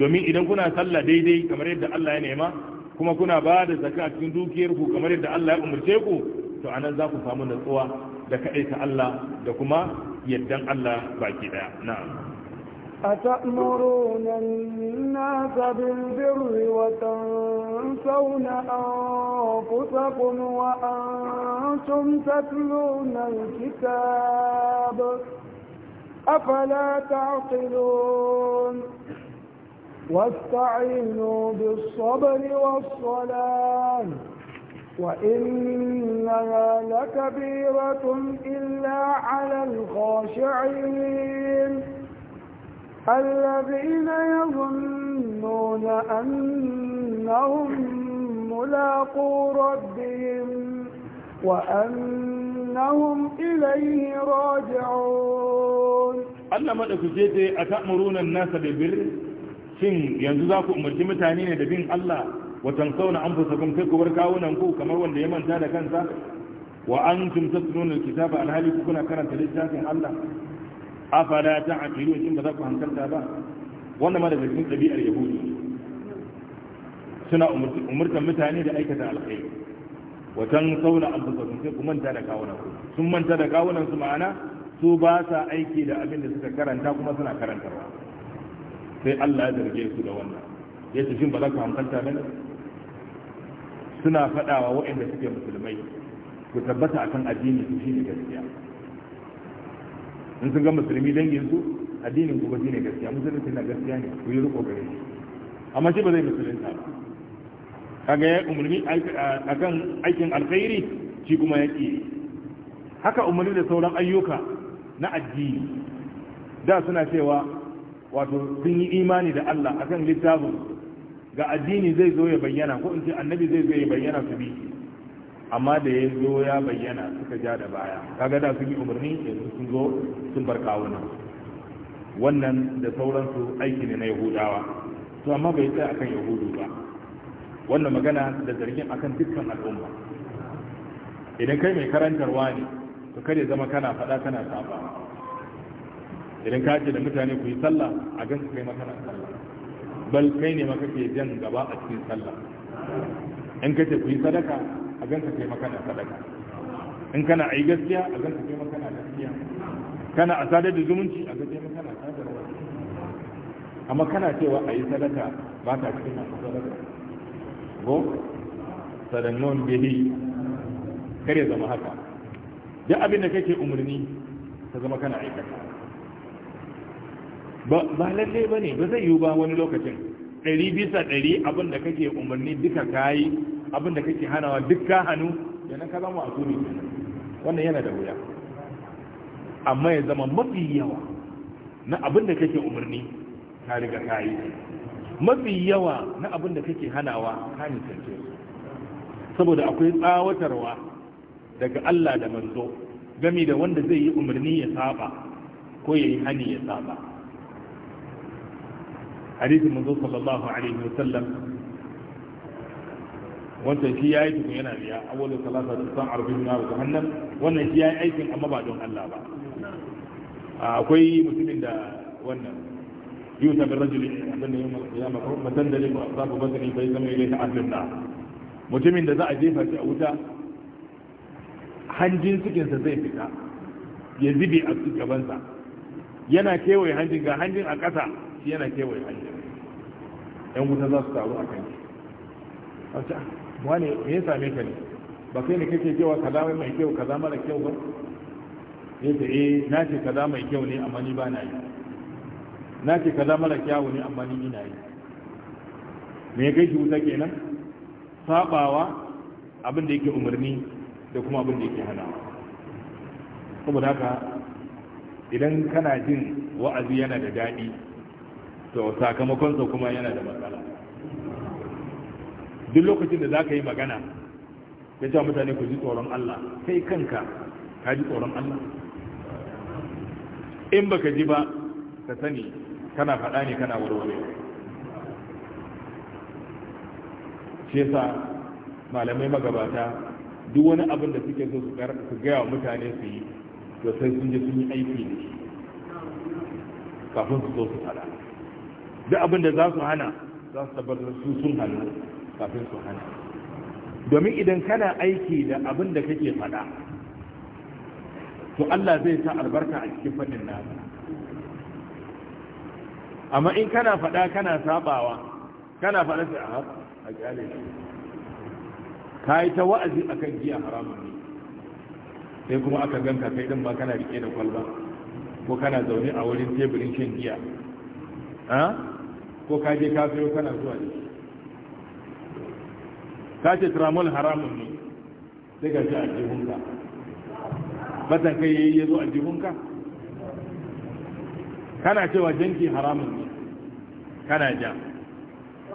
[SPEAKER 1] domin idan kuna sallah daidai kamar yadda Allah ya nema kuma kuna ba da zaka a cikin dukiyar ku kamar yadda Allah ya umarce ku to anan za ku samu natsuwa da kaɗaita Allah da kuma yaddan Allah baki daya na'am
[SPEAKER 2] أتأمرون الناس بالبر وتنسون أنفسكم وأنتم تتلون الكتاب أفلا تعقلون واستعينوا بالصبر والصلاة وإنها لكبيرة إلا على الخاشعين الذين يظنون أنهم ملاقو ربهم وأنهم إليه راجعون
[SPEAKER 1] أنا ما أكتبت أتأمرون الناس بالبر shin yanzu za ku umarci mutane ne da bin Allah wa tansawna anfusakum kai ku bar kawunan ku kamar wanda ya manta da kansa wa antum tatluna alkitaba alhali kuna karanta littafin Allah afala ta'qilun shin ba za ku hankalta ba wannan ma daga cikin ɗabi'ar yahudi suna umurtar mutane da aikata alkhairi wa tansawna anfusakum kai ku manta da kawunan ku sun manta da kawunan su ma'ana su ba sa aiki da abin da suka karanta kuma suna karantarwa sai Allah ya zarge su da wannan ya ce shin ba za ka hankalta ne suna faɗawa waɗanda suke musulmai ku tabbata akan addini su shine gaskiya in sun ga musulmi dangin su addinin ku ba shine gaskiya musulunci na gaskiya ne ku yi riko gare shi amma shi ba zai musulunta ba kaga ya umarni kan aikin alkhairi shi kuma ya ƙi haka umarni da sauran ayyuka na addini da suna cewa wato sun yi imani da Allah akan littafin ga addini zai zo ya bayyana ko in ce annabi zai zo ya bayyana su bi amma da ya zo ya bayyana suka ja da baya kaga da sun yi umarni yanzu sun zo sun bar kawuna wannan da sauransu aiki ne na yahudawa to amma bai tsaya akan yahudu ba wannan magana da zargin akan dukkan al'umma idan kai mai karantarwa ne to kada zama kana faɗa kana sabawa idan ka ce da mutane ku yi sallah a gan kai na sallah bal kai ne maka ke jan gaba a cikin sallah in ka ce ku yi sadaka a gan kai na sadaka in kana ai gaskiya a gan kai na gaskiya kana a sadar da zumunci a gan kai makana sadarwa amma kana cewa a yi sadaka ba ka cikin masu sadaka sadan non bihi kare zama haka duk abin da kake umarni ta zama kana aikata ba lalle ba ne ba zai yiwu ba wani lokacin ɗari bisa ɗari abinda kake umarni duka ka yi abin kake hanawa duk ka hannu yana ka zama a tuni wannan yana da wuya amma ya zama mafi yawa na abinda kake umarni ka riga ka yi mafi yawa na abinda kake hanawa ka nisance saboda akwai tsawatarwa daga Allah da manzo gami da wanda zai yi umarni ya saba ko ya yi hani ya saba hadisin manzo sallallahu alaihi wa sallam wancan shi yayi tukun yana biya awwalu salatu san arba'in nar jahannam wannan shi yayi aikin amma ba don Allah ba akwai mutumin da wannan yuta bin rajuli abin da ya maka matan da lima asabu batani bai zama ilai ta ahlin na mutumin da za a jefa shi a wuta hanjin cikinsa zai fita ya zibi a gabansa yana kewaye hanjin ga hanjin a ƙasa shi yana kewaye hanjin yan wuta za su taru a kan shi wacce ce wane me ya same ka ne ba kai ne kake cewa kaza mai kyau kaza mara kyau ba ya ce eh na ce kaza mai kyau ne amma ni ba na yi na ce kaza mara kyau ne amma ni ina yi me ya kai shi wuta kenan sabawa abin da yake umarni da kuma abin da yake hanawa saboda haka idan kana jin wa'azi yana da daɗi to sakamakonsa kuma yana da matsala duk lokacin da za ka yi magana ya ce mutane ku ji tsoron Allah sai kanka ka ji tsoron Allah in baka ji ba ka sani kana faɗa ne kana warware shi sa malamai magabata duk wani abin da suke so su gaya wa mutane su yi to sai sun je sun yi aiki da kafin su zo su faɗa duk abin da za su hana za su tabbatar su sun hana kafin su hana domin idan kana aiki da abin da kake faɗa to Allah zai sa albarka a cikin fadin nasa amma in kana faɗa kana sabawa kana faɗa sai a kyale shi ka yi ta wa'azi akan giya haramun ne sai kuma aka ganka kai din ba kana rike da kwalba ko kana zaune a wurin teburin shan giya ko ka je ka kana zuwa ne ka ce tramol haramun ne sai ka ce a jihunka batan kai yayi ya zo a jihunka kana cewa janki haramun ne kana ja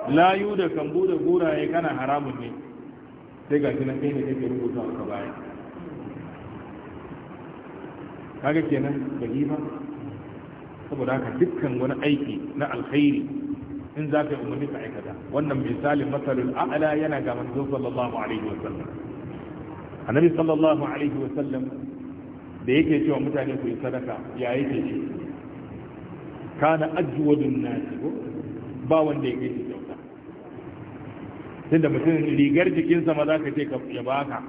[SPEAKER 1] layu da kambu da guraye kana haramun ne sai ga nan kai ne kake rubuta ka baya kaga kenan da ba saboda haka dukkan wani aiki na alkhairi in za ka yi umarni ka aikata wannan misalin masalul a'la yana ga manzo sallallahu alaihi wa sallam annabi sallallahu alaihi wa sallam da yake cewa mutane ku yi sadaka ya yake ce kana ajwadun nasi ba wanda yake ce kyauta tunda mutum rigar jikinsa ma za ka ce ya baka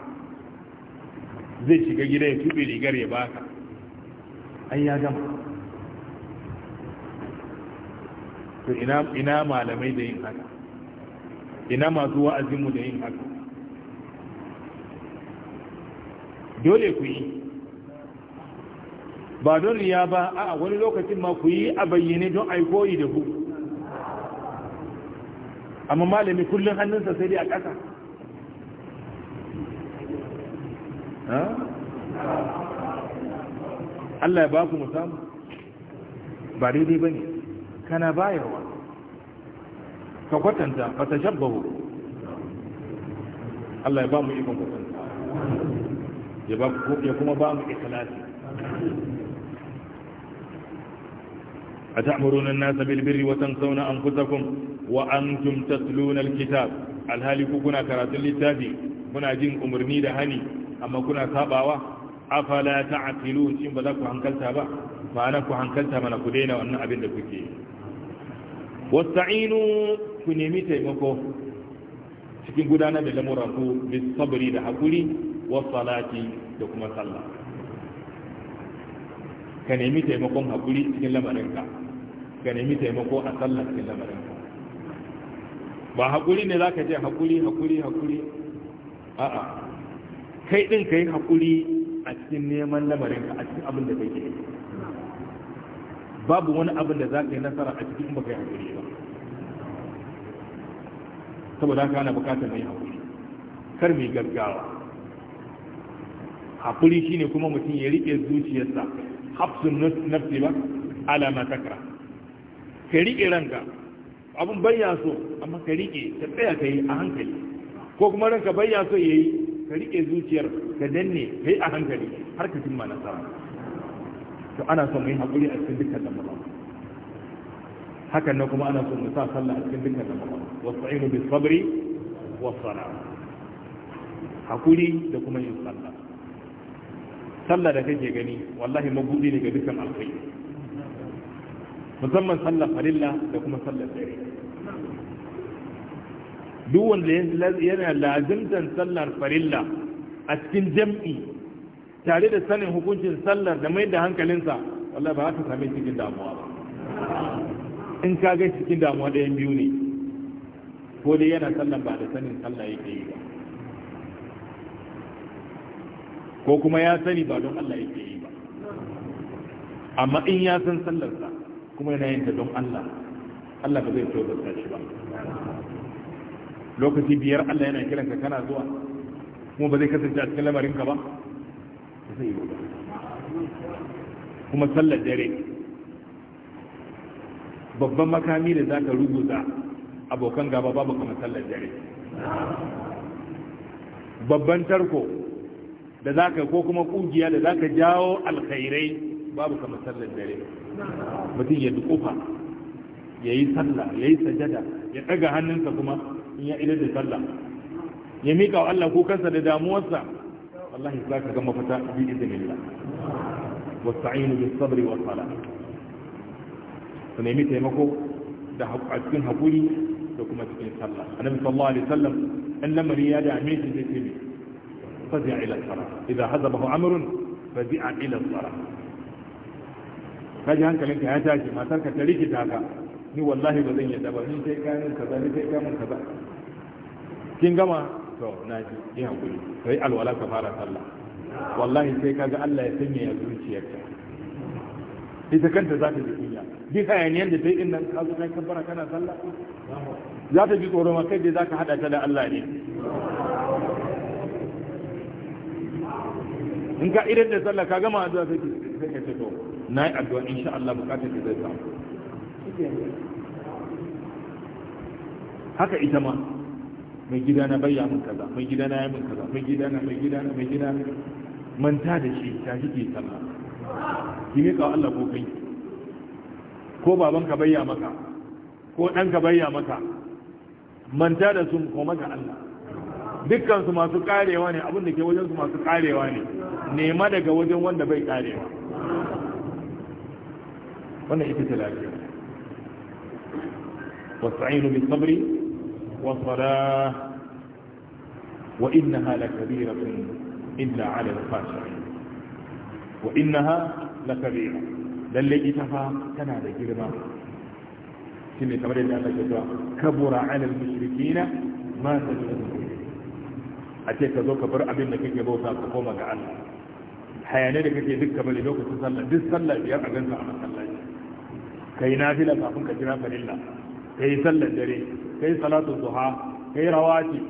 [SPEAKER 1] zai shiga gida ya tube rigar ya baka ai ya gama to ina malamai da yin haka ina masu wa'azinmu da yin haka dole ku yi ba don riya ba a wani lokacin ma ku yi a bayyane don aikoyi da ku amma malami kullum hannunsa sai dai a ƙasa Allah ya ba ku musamman ba daidai ba ne kana bayarwa ka kwatanta ba ta shabbahu Allah ya ba mu ikon kwatanta ya kuma ba mu ikilasi a ta'amurunan nasa bilbiri watan sauna an kusakun wa an tulunar kitab alhali ku kuna karatun littafi kuna jin umarni da hani amma kuna sabawa afala ta'qilun shi ba za ku hankalta ba ba na ku hankalta mana ku daina wannan abin da kuke wasta'inu ku nemi taimako cikin gudanar da lamura ku bi sabri da hakuri wa salati da kuma sallah ka nemi taimakon hakuri cikin lamarinka ka nemi taimako a sallah cikin lamarinka ba hakuri ne za ka je hakuri hakuri hakuri a'a kai din ka yi hakuri a cikin neman lamarinka a cikin abin da kake yi babu wani abin da za ka yi nasara a cikin baka yi haƙuri ba saboda haka ana bukatar mai haƙuri kar mai gaggawa haƙuri shine kuma mutum ya riƙe zuciyarsa hafsun nafsi ba ala ma takara ka riƙe ranka abin bayya so amma ka riƙe ka tsaya ka yi a hankali ko kuma ranka bayya so ya yi ka riƙe zuciyar ka danne ka yi a hankali har ka cimma nasara to ana son mu yi haƙuri a cikin dukkan lamarin hakan nan kuma ana son mu sa sallah a cikin dukkan wasu wasta'inu bis sabri wasu salat haƙuri da kuma yin sallah sallah da kake gani wallahi mabudi ne ga dukkan alkhairi musamman sallah farilla da kuma sallah dare duk wanda yana lazimtan sallar farilla a cikin jam'i tare da sanin hukuncin sallar da mai da hankalinsa wallah ba za ka same cikin damuwa ba in ka ga cikin damuwa ɗayan biyu ne ko dai yana sallar ba da sanin sallah yake yi ba ko kuma ya sani ba don Allah yake yi ba amma in ya san sallarsa kuma yana yin ta don Allah Allah ba zai tozarta shi ba lokaci biyar Allah yana kiranka kana zuwa kuma ba zai kasance a cikin lamarinka ba zai yi kuma sallar dare babban makami da za ka rubuta abokan gaba babu kuma sallar dare babban tarko da za ka ko kuma kungiya da za ka jawo alkhairai babu kuma sallar dare mutum ya dukufa ya yi sallah ya yi sajada ya ɗaga hannunsa kuma in ya idar da sallah ya miƙa wa Allah kukansa da damuwarsa wallahi za ka ga mafita bi idinillah wasta'inu bis sabri was salah ku nemi taimako da a cikin hakuri da kuma cikin sallah annabi sallallahu alaihi wasallam in lamari ya dame shi zai ce fazi'a ila salah idza hazabahu amrun fazi'a ila salah kaji hankalinka matarka ta rikita ka ni wallahi ba zan yadda ba ni sai kayan kaza ni sai kayan kaza kin gama to na ji yi hakuri yi alwala ka fara sallah wallahi sai kaga Allah ya sanya ya zuciyarka ita kanta za ta ji kunya duk hayaniyar da ta yi nan ka zo kai kabbara kana sallah za ta ji tsoro ma kai dai za ka haɗa ta da Allah ne in ka irin da sallah ka gama addu'a sai ka ce to na yi addu'a insha Allah bukatar ki zai samu haka ita ma mai gida na bayya min kaza mai gida na yi min kaza mai gida na mai gida na mai gida manta da shi ta shi ke sama ki ne kawo Allah ko kai ko baban ka bayya maka ko ɗan ka bayya maka manta da su ko maka Allah dukkan su masu karewa ne abin da ke wajen su masu karewa ne nema daga wajen wanda bai karewa wannan ita ce lafiya Wasu ainihin sabri والصلاة وإنها لكبيرة إلا على الخاشعين وإنها لكبيرة للي إتفا كان لجرما كما كمال الله كبر على المشركين ما تجرمون a ce ka zo ka bar abin da kake bauta ka koma ga Allah hayanai da kake duk bari lokacin sallah duk sallah biyar a ganka a masallaci kai kafin ka jira sallar dare kai salatu duha kai rawati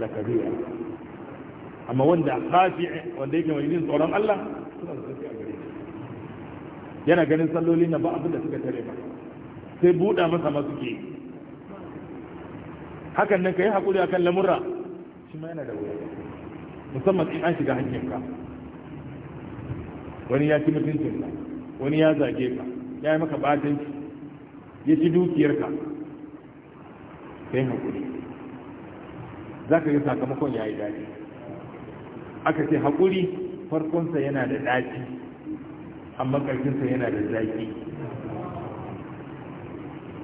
[SPEAKER 1] da kabira amma wanda khafi wanda yake mai yin tsoron Allah a gare yana ganin salloli na ba abin da suka tare ba sai buɗa masa masu ke hakan nan ka yi akan lamurra shi ma yana da wuya musamman in an shiga ka. wani ya ci mutuncinka wani ya zage ka ya yi maka batanci ya ci dukiyar ka. kai haƙuri za ka yi sakamakon ya yi daɗi aka ce haƙuri farkonsa yana da daji amma ƙarfinsa yana da zaƙi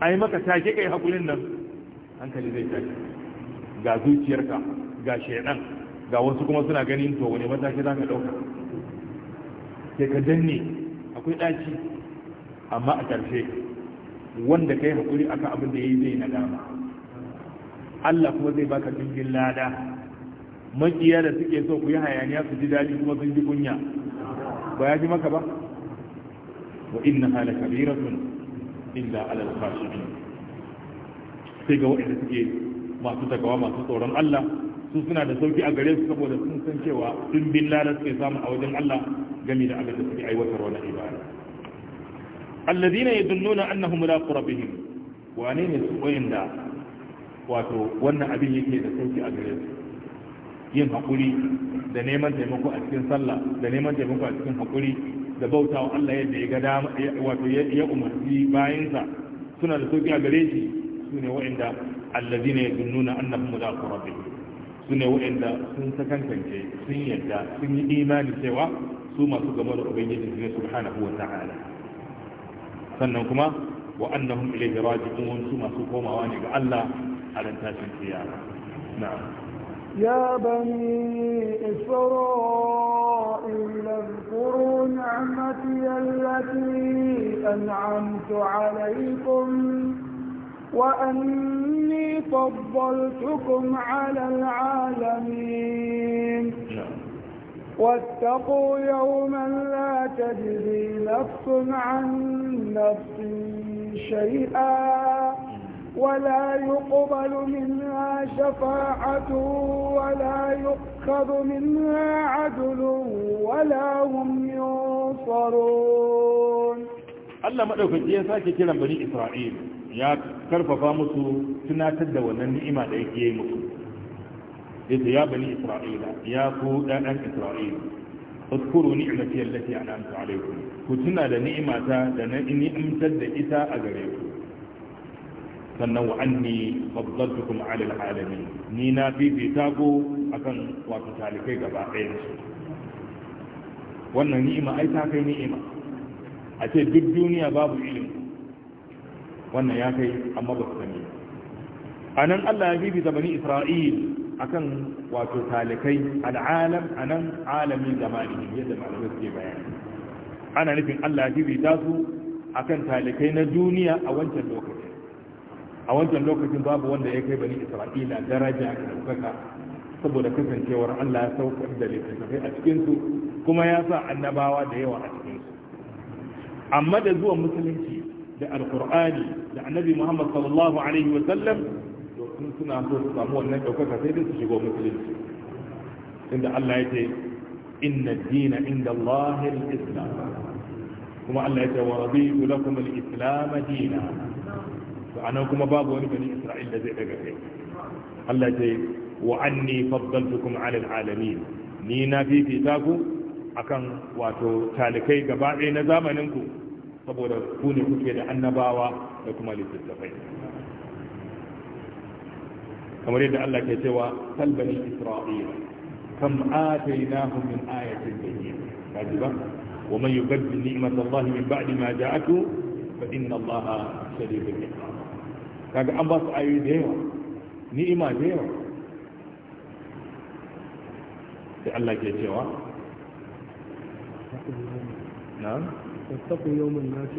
[SPEAKER 1] a yi maka take kai hakurin nan hankali zai tafi ga zuciyarka ga shaidan ga wasu kuma suna ganin to wani mataki za ka ɗauka Ke ka danne akwai ɗaci amma a ƙarshe wanda ka yi haƙuri akan abin da ya yi zai na dama. Allah kuma zai baka dingin lada makiya da suke so ku yi hayaniya su ji daɗi kuma sun ji kunya ba ya ji maka ba wa inna hala sun illa alal khashi'in sai ga waɗanda suke masu takawa masu tsoron Allah su suna da sauki a gare su saboda sun san cewa sun bin lada suke samu a wajen Allah gami da abin da suke aiwatarwa na ibada alladhina yadunnuna annahum mulaqu rabbihim wane ne su wayanda wato wannan abin yake da sauki a gare su yin haƙuri da neman taimako a cikin sallah da neman taimako a cikin haƙuri da bauta wa Allah yadda ya ga dama wato ya umarci bayansa suna da sauki a gare shi su ne wa'inda allazina yadunnuna annahum mulaqu rabbihim su ne wa'inda sun sakankance sun yadda sun yi imani cewa su masu gaba da ubangiji ne subhanahu wa ta'ala sannan kuma wa annahum ilayhi raji'un su masu komawa ne ga Allah على انتاج القيامة نعم
[SPEAKER 2] يا بني إسرائيل اذكروا نعمتي التي أنعمت عليكم وأني فضلتكم على العالمين نعم. واتقوا يوما لا تجزي نفس عن نفس شيئا ولا يقبل منها شفاعة ولا يؤخذ منها عدل ولا هم ينصرون
[SPEAKER 1] الله ما دوك جيه ساكي كيران بني إسرائيل يا كرفا فامسو تنا تدوى ننئما ديكي يمسو إذ يا بني إسرائيل يا فودا أن إسرائيل اذكروا نعمتي التي أنا أمس عليكم كتنا لنئما تا لنئني أمسد إسا أجريكم sannan wa anni faddaltukum ala alamin ni na fifita ku akan wato talikai gaba ɗayan su wannan ni'ima ai ta kai ni'ima a ce duk duniya babu ilim. wannan ya kai amma ba su sani a nan Allah ya fifita bani Isra'il akan wato talikai al'alam a nan alamin zamani yadda malamai suke bayani ana nufin Allah ya fifita su akan talikai na duniya a wancan lokaci a wancan lokacin babu wanda ya kai bani isra'ila daraja a ɗaukaka saboda kasancewar allah ya sauka da littattafai a cikinsu kuma ya sa annabawa da yawa a cikinsu amma da zuwan musulunci da alkur'ani da annabi muhammad sallallahu alaihi wa sallam sun suna so su samu wannan ɗaukaka sai dai su shigo musulunci inda allah ya ce inna dina inda allahi islam kuma allah ya ce wa rabitu lakum al-islam dina. nan kuma babu wani bani isra'il da zai daga kai Allah ce wa anni faddaltukum ala alamin ni na fifita ku akan wato talikai gaba ɗaya na zamanin ku saboda ku ne kuke da annabawa da kuma littattafai kamar yadda Allah ke cewa sal bani isra'ila kam atainahum min ayatin bayyina kaji ba wa man yubaddi ni'matallahi min ba'di ma ja'atu fa inna allaha shadidul iqab kaga an ba su ayoyi da yawa ni'ima da yawa sai Allah ke cewa na'am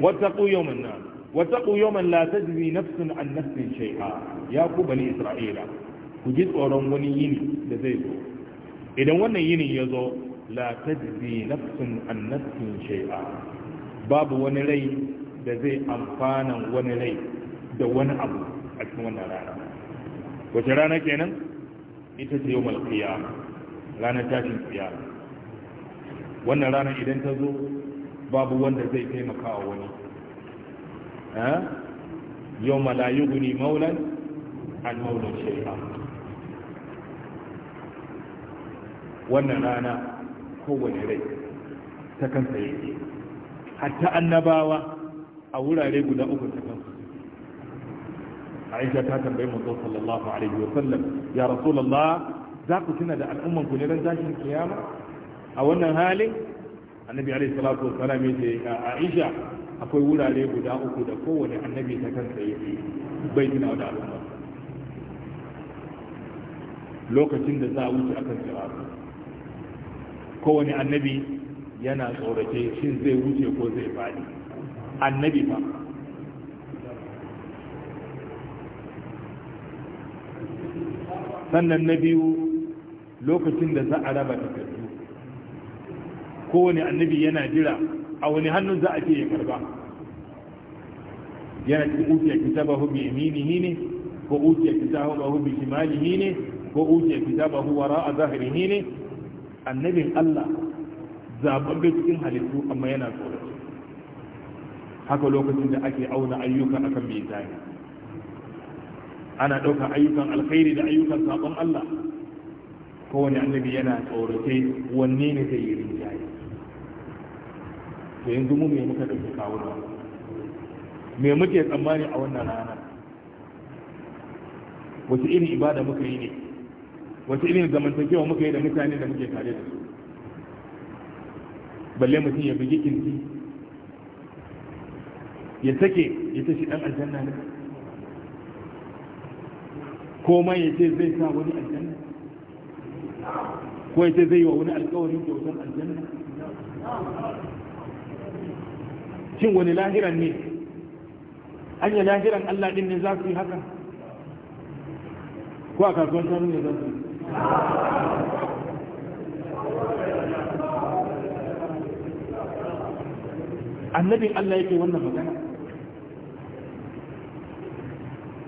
[SPEAKER 1] wattaqu yawman nas la nafsun an nafsin shay'a ya ku bani isra'ila ku ji tsoron wani yini da zai zo idan wannan yini ya zo la tajzi nafsun an nafsin shay'a babu wani rai da zai amfana wani rai da wani abu a cikin wannan rana wace rana kenan ita ce yau malkiya ranar tashin tsiya wannan rana idan ta zo babu wanda zai taimaka wa wani eh? yau malayu guni maulan an maulan shari'a wannan rana kowane rai ta kansa yake hatta annabawa a wurare guda uku ta aisha ta tambayi manzo sallallahu alaihi wa sallam ya rasulullah za ku tuna da al'umman ku ne ran tashin kiyama a wannan halin annabi alaihi salatu wa salam a aisha akwai wurare guda uku da kowane annabi ta kansa yake bai tuna da al'umma lokacin da za a wuce akan sirata kowane annabi yana tsorace shin zai wuce ko zai faɗi annabi ba sannan na biyu lokacin da za a raba takardu kowane annabi yana jira a wani hannun za a ce ya karba yana cikin ukiya bahu bi yaminihi ne ko ukiya bahu bi shimalihi ne ko ukiya wara a zahirihi ne annabin Allah zababbe cikin halittu amma yana tsoron haka lokacin da ake auna ayyuka akan mizani ana ɗaukar ayyukan alkhairi da ayyukan sabon Allah kowane annabi yana tsorace wanne ne zai yi rinjaye to yanzu mu me muka ɗauki kawuna me muke tsammani a wannan rana wace irin ibada muka yi ne wace irin zamantakewa muka yi da mutane da muke tare da su balle mutum ya bugi kirki ya sake ya tashi dan aljanna ne komai ya ce zai sa wani aljanna ko ya ce zai yi wa wani alkawarin kyautar aljanna shin wani lahiran ne an yi lahiran allah ɗin ne za su yi haka ko a kasuwar sanu ne za su yi annabin allah yake wannan magana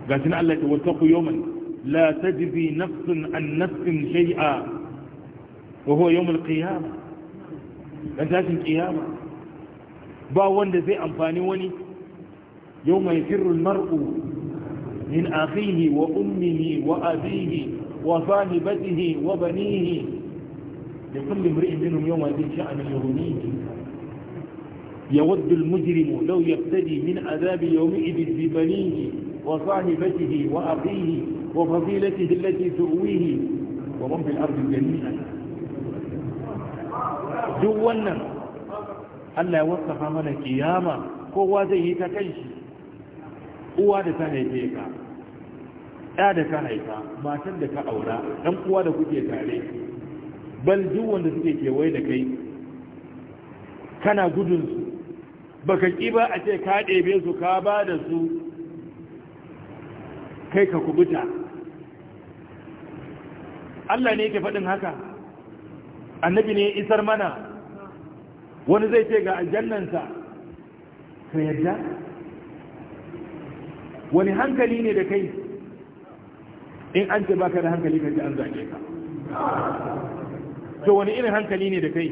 [SPEAKER 1] ga na allah ke wata ku yau mai لا تجزي نفس عن نفس شيئا وهو يوم القيامة أساس القيامة با وند زي أنفاني وني يوم يفر المرء من أخيه وأمه وأبيه وصاحبته وبنيه لكل امرئ منهم يوم يدين شأن يغنيه يود المجرم لو يبتدي من عذاب يومئذ ببنيه وصاحبته وأخيه وفضيلته التي تؤويه ورب الأرض الجميع duk wannan Allah ya wasafa mana ذي kowa zai yi ta kanshi uwa da ta haife ka ɗa da ka haifa matan da ka aura كان uwa da kuke kewaye da kai kana gudunsu baka ƙi a ce ka ɗebe su ka ba da su kai ka kubuta Allah ne yake faɗin haka annabi ne ya isar mana wani zai ce ga aljannansa ka yadda wani hankali ne da kai in an ce baka da hankali ka ji an zage ka to wani irin hankali ne da kai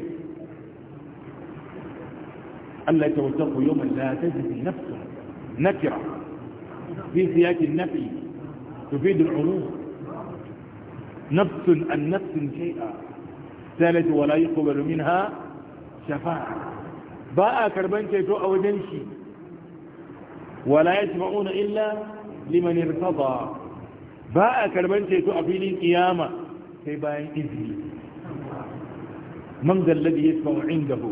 [SPEAKER 1] Allah ta wata ku yawon la ta jibi nafsa nakira fi siyakin nafi tufi da al'ulu nafsun an nafsun shay'a sai wala yuqbalu minha shafa'a ba a karban ceto a wajen shi wala yasma'una illa liman irtada ba a karban ceto a filin kiyama sai bayan izini man zalladhi yasma'u indahu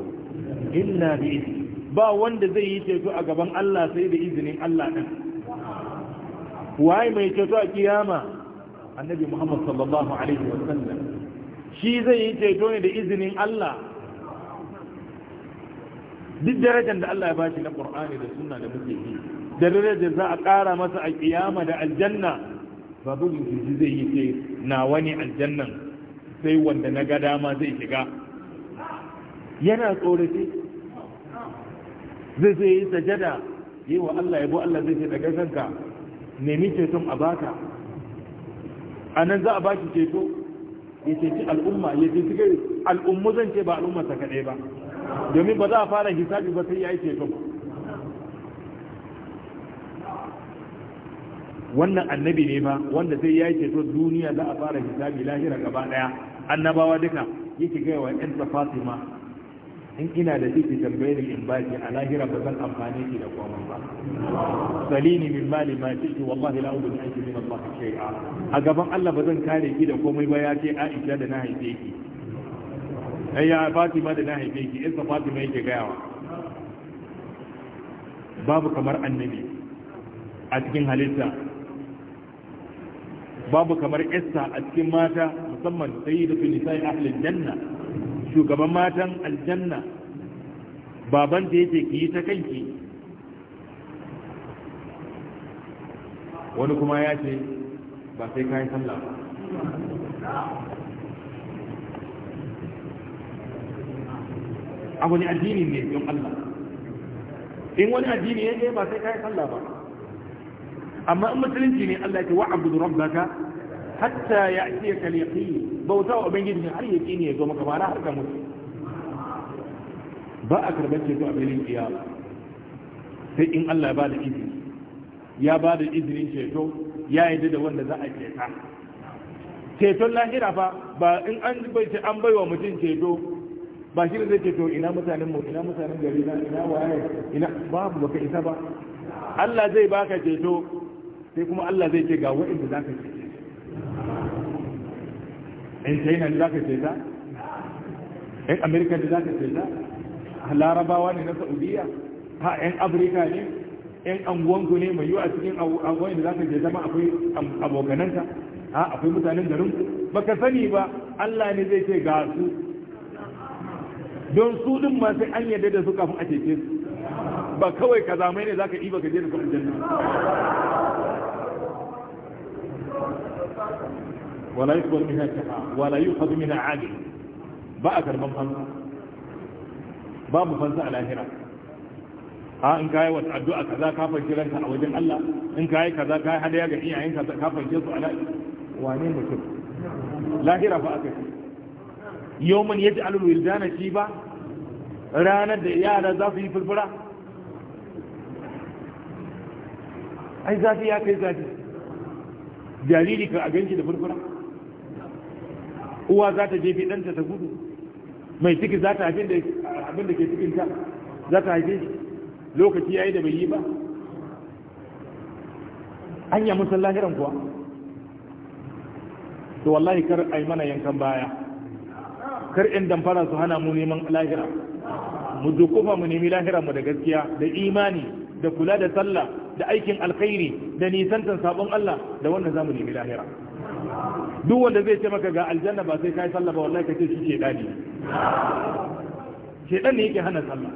[SPEAKER 1] illa bi izni ba wanda zai yi ceto a gaban Allah sai da izinin Allah waye mai ceto a kiyama annabi muhammad sallallahu alaihi wasallam shi zai yi ceto ne da izinin Allah duk darajar da Allah ya bashi na ƙur'ani da sunna da muke yi da darajar za a ƙara masa a kiyama da aljanna ba bugun kirji zai yi ce na wani aljannan sai wanda na ga dama zai shiga yana tsorace zai zai yi sajada yi wa Allah yabo Allah zai ce daga kanka nemi ceton a baka Anan za a ba ki ceto ya ceci al'umma ya ceci gari al'ummu zan ce ba al'umma ta kaɗai ba domin ba za a fara hisabi ba sai ya yi ceto wannan annabi ne ba wanda sai ya yi ceto duniya za a fara hisabi lahira gaba ɗaya annabawa duka yake gaya wa ta fatima in ina da ciki tambaye ni in baki a lahira ba zan amfane ki da komai ba salini min mali ma ciki wallahi la ubudu anki min Allah shay'a a gaban Allah ba zan kare ki da komai ba ya ce Aisha da na haife ki ayya Fatima da na haife ki isa Fatima yake gayawa babu kamar annabi a cikin halitta babu kamar Esther a cikin mata musamman sayyidatun nisa'i ahlil janna shugaban matan aljanna baban da yake ki yi ta kanki wani kuma ya ce ba sai kayan sallah ba a wani addini ne don Allah in wani addini ya ce ba sai kayan sallah ba amma in musulunci ne Allah ya ce wa'abudu rabbaka hatta ya'tiyaka al-yaqin bauta wa ubangiji har ya kini ya zo maka ba na har ka mutu ba a karɓar ceto a filin iyawa sai in Allah ya ba da izini ya ba da izinin ceto ya yi da wanda za a ceta ceton lahira fa ba in an bai ce an baiwa mutum ceto ba shi zai ceto ina mutanen mu ina mutanen gari na ina waye ina babu baka isa ba Allah zai baka ceto sai kuma Allah zai ce ga wa'inda zaka ce in china da za ka ce ta in amerika da za ka ce ta larabawa ne na saudiya ha in afirka ne in anguwanku ne mai yiwu a cikin anguwan da za ka ce zama akwai abokananta ha akwai mutanen garin ku ba ka sani ba allah ne zai ce ga su don su din masu sai an yadda da su kafin a cece su ba kawai ka zamai ne za ka yi ba ka je da kan aljanna wala yuqbal minha shafa'a wala yuqad minha 'adl ba a karban fansa ba mu fansa a lahira a in kayi wata addu'a kaza ka fanke ranka a wajen Allah in ka yi hadaya ga iyayen ka ka fanke su ala wane mutum lahira fa aka yawman yaj'alul wildana shiba ranar da yara za su yi furfura ai zafi ya kai zafi jariri ka a ganci da furfura uwa za ta jefe ɗanta ta gudu mai ciki za ta abin da ke cikinta za ta haife shi lokaci ya yi da bai yi ba an yi musan lahiran kuwa to wallahi kar a yi mana yankan baya kar in damfara su hana mu neman lahira mu dukufa mu nemi lahira mu da gaskiya da imani da kula da sallah da aikin alkhairi da nisantan sabon Allah da wannan zamu nemi lahira duk wanda zai ce maka ga aljanna ba sai kai sallah ba wallahi kace shi shedani dan ne yake hana sallah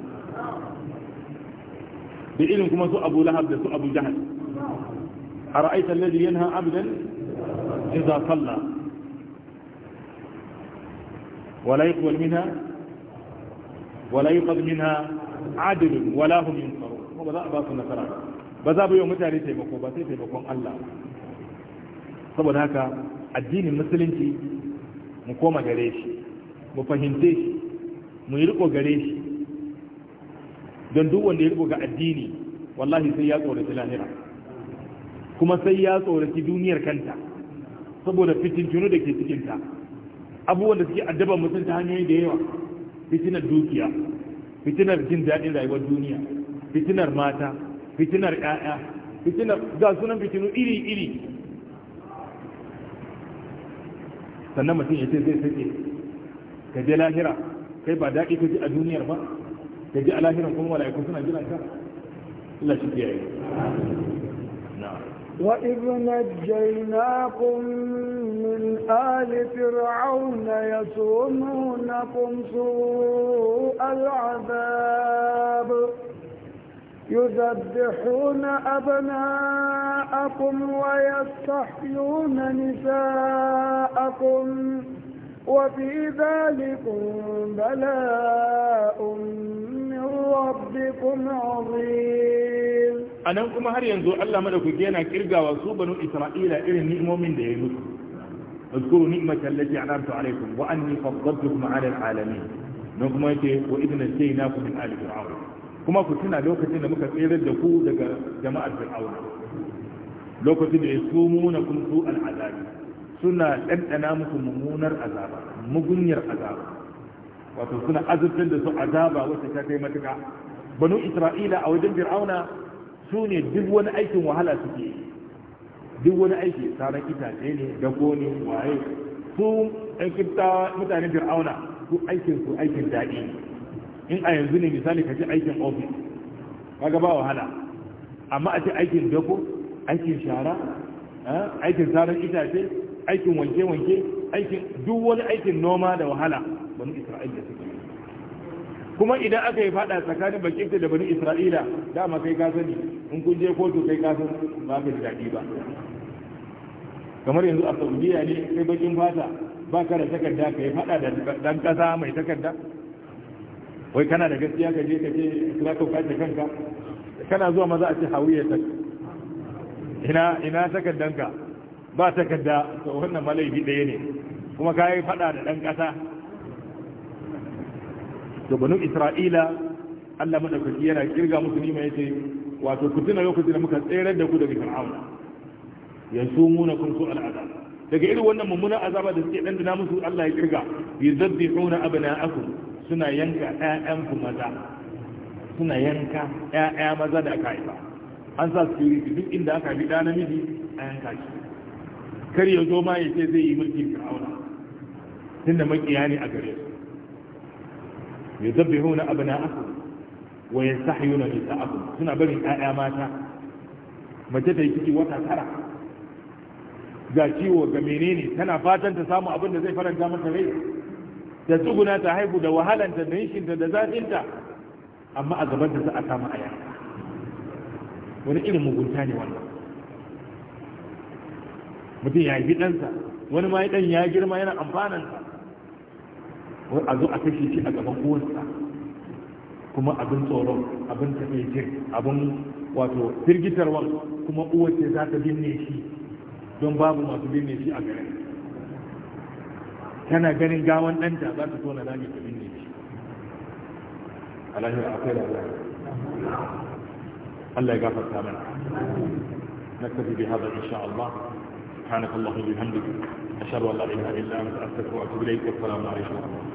[SPEAKER 1] da irin kuma su Abu Lahab da su Abu Jahal ara'aita alladhi yanha abdan idza salla ولا يقبل منها ولا يقبل منها عدل ولا هم ينصرون وما ذا أباس النصرى بذا بيوم taimako ba sai taimakon Allah, saboda haka addinin musulunci mu koma gare shi mu fahimce shi mu yi riko gare shi don duk wanda ya riko ga addini wallahi sai ya tsoraci lahira kuma sai ya tsoraci duniyar kanta saboda fitin tunu da ke cikinta abubuwan da suke addaban mutum ta hanyoyi da yawa fitinar dukiya fitinar jin daɗin rayuwar duniya fitinar mata fitinar 'ya'ya fitinar ga sunan fitinu iri-iri sannan mutum ya ce zai sake ka je lahira kai ba daɗi ka ji a duniyar ba ka ji a lahiran kuma mala'iku suna jiran ka ila shi kiyaye
[SPEAKER 2] وإذ نجيناكم من آل فرعون يسومونكم سوء العذاب يذبحون أبناءكم ويستحيون نساءكم وفي ذلك بلاء من ربكم عظيم
[SPEAKER 1] anan kuma har yanzu Allah madaukake yana kirgawa su banu Isra'ila irin ni'imomin اذكروا نعمة التي أنعمت عليكم وأني فضلتكم على العالمين نقمة وإذ نسيناكم من آل فرعون kuma ku tuna lokacin da muka tserar da ku daga jama'ar fir'auna lokacin da ya sumuna kun su al'azabi suna ɗanɗana muku mummunar azaba mugunyar azaba wato suna azabtar da su azaba wacce ta kai matuka banu isra'ila a wajen fir'auna su ne duk wani aikin wahala suke duk wani aiki tsaron itace ne da goni waye su ɗan mutanen fir'auna su aikin su aikin daɗi ne in a yanzu ne misali ka ji aikin ofis kaga ba wahala amma a ce aikin dako aikin shara eh, aikin tsarin itace aikin wanke-wanke aikin duk wani aikin noma da wahala bani isra'ila suke kuma idan aka yi fada tsakanin bakin da bani isra'ila dama kai ka sani in kun je kotu kai ka san ba ka ji daɗi ba kamar yanzu a saudiya ne kai bakin fata ba ka da takarda ka yi fada da dan kasa mai takarda wai kana da gaskiya ka je ka ce za ka kwace kanka kana zuwa maza a ce hawiya ta ina ina takaddanka ba takadda to wannan malaifi ɗaya ne kuma ka yi faɗa da ɗan ƙasa to banu isra'ila allah maɗaukaki yana kirga musu nima ya ce wato ku tuna lokacin da muka tsere da ku daga fir'auna yanzu muna kun su al'adab daga irin wannan mummunan azaba da suke dandana musu Allah ya kirga yuzabbihuna abna'akum suna yanka ƴaƴanku maza suna yanka ƴaƴa maza da aka haifa an sa su yi duk inda aka bi ɗa namiji a yanka shi kar ya zo ma ya ce zai yi mulkin fir'auna tunda makiya ne a gare su Ya abu na abna'akum wa nisa aka suna barin ƴaƴa mata mace ta yi kiki wata tara ga ciwo ga menene tana fatan ta samu abin da zai faranta mata rai ta tsuguna ta haihu da wahalanta da yishinta da zafinta amma a gabanta za a samu aya wani irin mugunta ne wannan mutum ya yi ɗansa wani ma ɗan ya girma yana amfananta. Wani a zo a kashe shi a gaban uwansa kuma abin tsoron abin tafiyar abin wato firgitarwa kuma uwace za ta binne shi don babu masu binne shi a garin tana ganin gawan ɗanta za ta tona rami ta binne shi alahira akwai da Allah ya gafarta mana نكتفي بهذا إن شاء الله سبحانك اللهم وبحمدك أشهد أن لا إله إلا أنت أستغفرك وأتوب إليك والسلام عليكم ورحمة الله